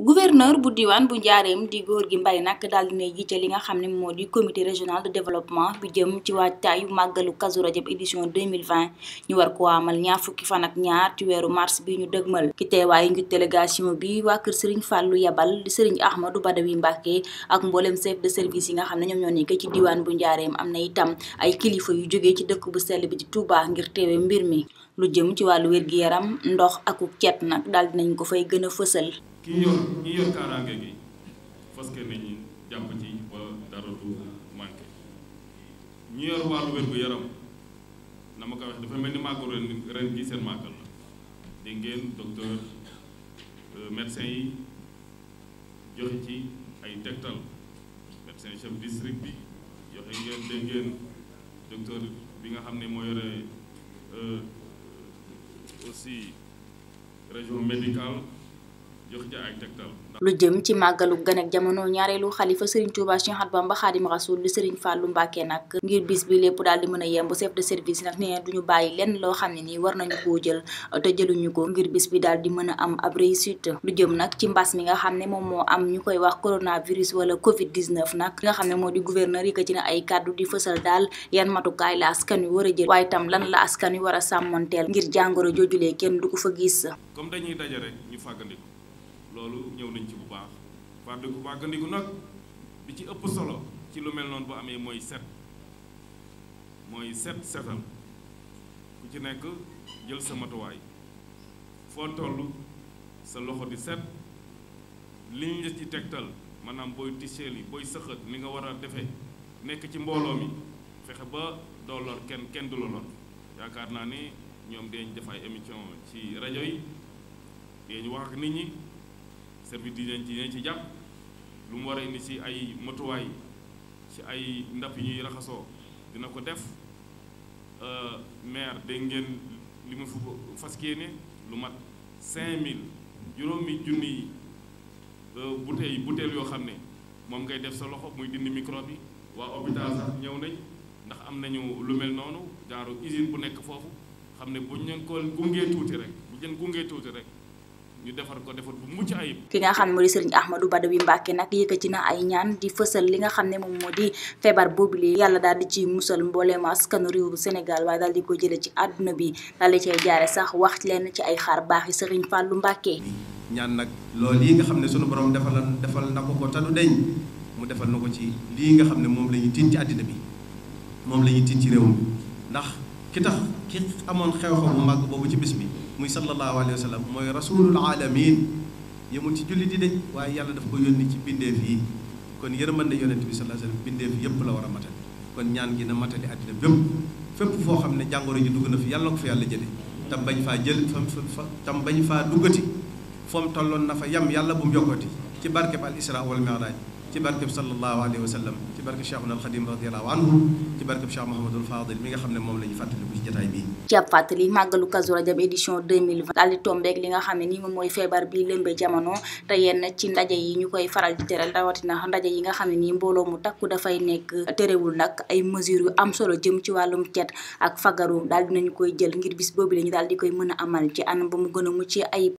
gouverneur bu diwaan bu njaareem di góor gi mbay nag daal dina jiite li nga xam ne moo di comité régional de développement bi jëm ci waajtaayu màggalu Kazu Rajab édition 2020 ñu war ko amal ñaa fukki fan ñaar ci weeru mars bi ñu dëgmal ki teewaayu ngi délégation bi waa kër Serigne Fallou Yabal di Serigne Ahmadou wi Mbacke ak mboolem chef de service yi nga xam ne ñoom ñoo nekk ci diwaan bu njaareem am na itam ay kilifa yu jógee ci dëkk bu sell bi di Touba ngir mbir mi lu jëm ci wàllu wér-gi-yaram ndox akuk cet nag daal dinañ ko fay gën a fësal ki yor ki yor kaaraange gi fas ke nañu jàpp ci ba dara du manqué ñu yor wàllu wér-gu-yaram na ma ko wax dafa mel ni màggal ren ren gi seen màggal la dégg ngeen docteur euh, médecin yi joxe ci ay tegtal médecin chef district bi joxe ngeen dégg ngeen docteur bi nga xam ne moo yore euh, aussi région médicale lu jëm ci màggalu gën jamono ñaareelu xalifa sëriñ Touba Cheikh Ahmadou Bamba Khadim Rasoul li Serigne Fallou Mbacké nag ngir bis bi lépp daal di mën a yemb chef de service nag nee duñu bàyyi lenn loo xam ne nii war nañu koo jël te jëluñu ko ngir bis bi daal di mën am ab lu jëm nag ci mbas mi nga xam ne moom moo am ñu koy wax coronavirus wala covid 19 nag nga xam ne moo di gouverneur yëkkati na ay kàddu di fësal daal yan matukaay la askan wi war a jël waaye tam lan la askan wi wara a ngir jàngoro joojulee kenn du ko fa gis comme loolu ñëw nañ ci bu baax fàddiku fàggandiku nag bi ci ëpp solo ci lu mel noonu bu amee mooy set mooy set setal ku ci nekk jël sa matuwaay foo loxo di set liñ la ci tegtal maanaam booy tiseel yi booy sëqët ni nga war a defee nekk ci mbooloo mi fexe ba doo kenn kenn du yaakaar naa ni ñoom deeñ def émission ci rajo yi deeñ nit ñi service d'hygiène ci dinañ ci jàpp lu mu war a indi ci ay matuwaay ci ay ndap yi ñuy raxasoo dina ko def euh, maire dégg ngeen li mu fas yéene lu mat 5000 juróomi junni euh, bouteille bouteille yoo xam ne moom ngay def sa loxo muy dindi microbe yi waa hôpital sax ñëw nañ ndax am nañu lu mel noonu jaaro usine bu nekk foofu xam ne bu ñu leen ko gungee tuuti rek bu ñu leen gungee tuuti rek. ñu defar ko defar bu mucc ayib ki nga xam ne moo di sëriñ Ahmadou Badawi Mbacke nag yëkkati na ay ñaan di fësal li nga xam ne moom moo di feebar boobule yàlla daal di ci musal mbooleem askanu réew bu Sénégal waaye daal di ko jële ci àdduna bi daal di cay jaare sax wax leen ci ay xaar baax yi sëriñ Fallou Mbacke ñaan nag loolu yi nga xam ne sunu borom defal defal na ko ko tanu deñ mu defal na ko ci lii nga xam ne moom la ñuy tin ci àddina bi moom la ñuy ci réew mi ndax ki tax ki amoon xew-xew màgg boobu ci bis bi muy sallallahu alayhi wa sallam mooy rasulul alamin yemul ci jullit yi de waaye yàlla daf ko yónni ci bindeef yi kon yërmande yonent bi sallallahu alayhi wa sallam bindeef yëpp la war a matal kon ñaan gi na matali àddina bépp fépp foo xam ne jàngoro ji dugg na fi yàlla na ko fi yàlla jële tam bañ faa jël fa tam bañ faa duggati foom tolloon na fa yam yàlla bu mu yokkati ci barkeb al isra wal mi'raj ci barkeb sallallahu alayhi wa sallam ci barkeb Cheikhul Xadim radiyallahu anhu ci barkeb Cheikh Mouhamadul Fadil mi nga xam ne moom la fàttaliku ci jotaay bi. ci ab fàttali màggalu Kazu Rajab édition 2020 daal di tombe rek li nga xam ne ni moom mooy feebar bi lëmbe jamono te yenn ci ndaje yi ñu koy faral di teral rawatina ndaje yi nga xam ne nii mbooloo mu takku dafay nekk terewul nag ay mesures yu am solo jëm ci wàllum cet ak fagaru daal dinañu koy jël ngir bis boobu lañu ñu daal di koy mën a amal ci anam ba mu gën a mucc ay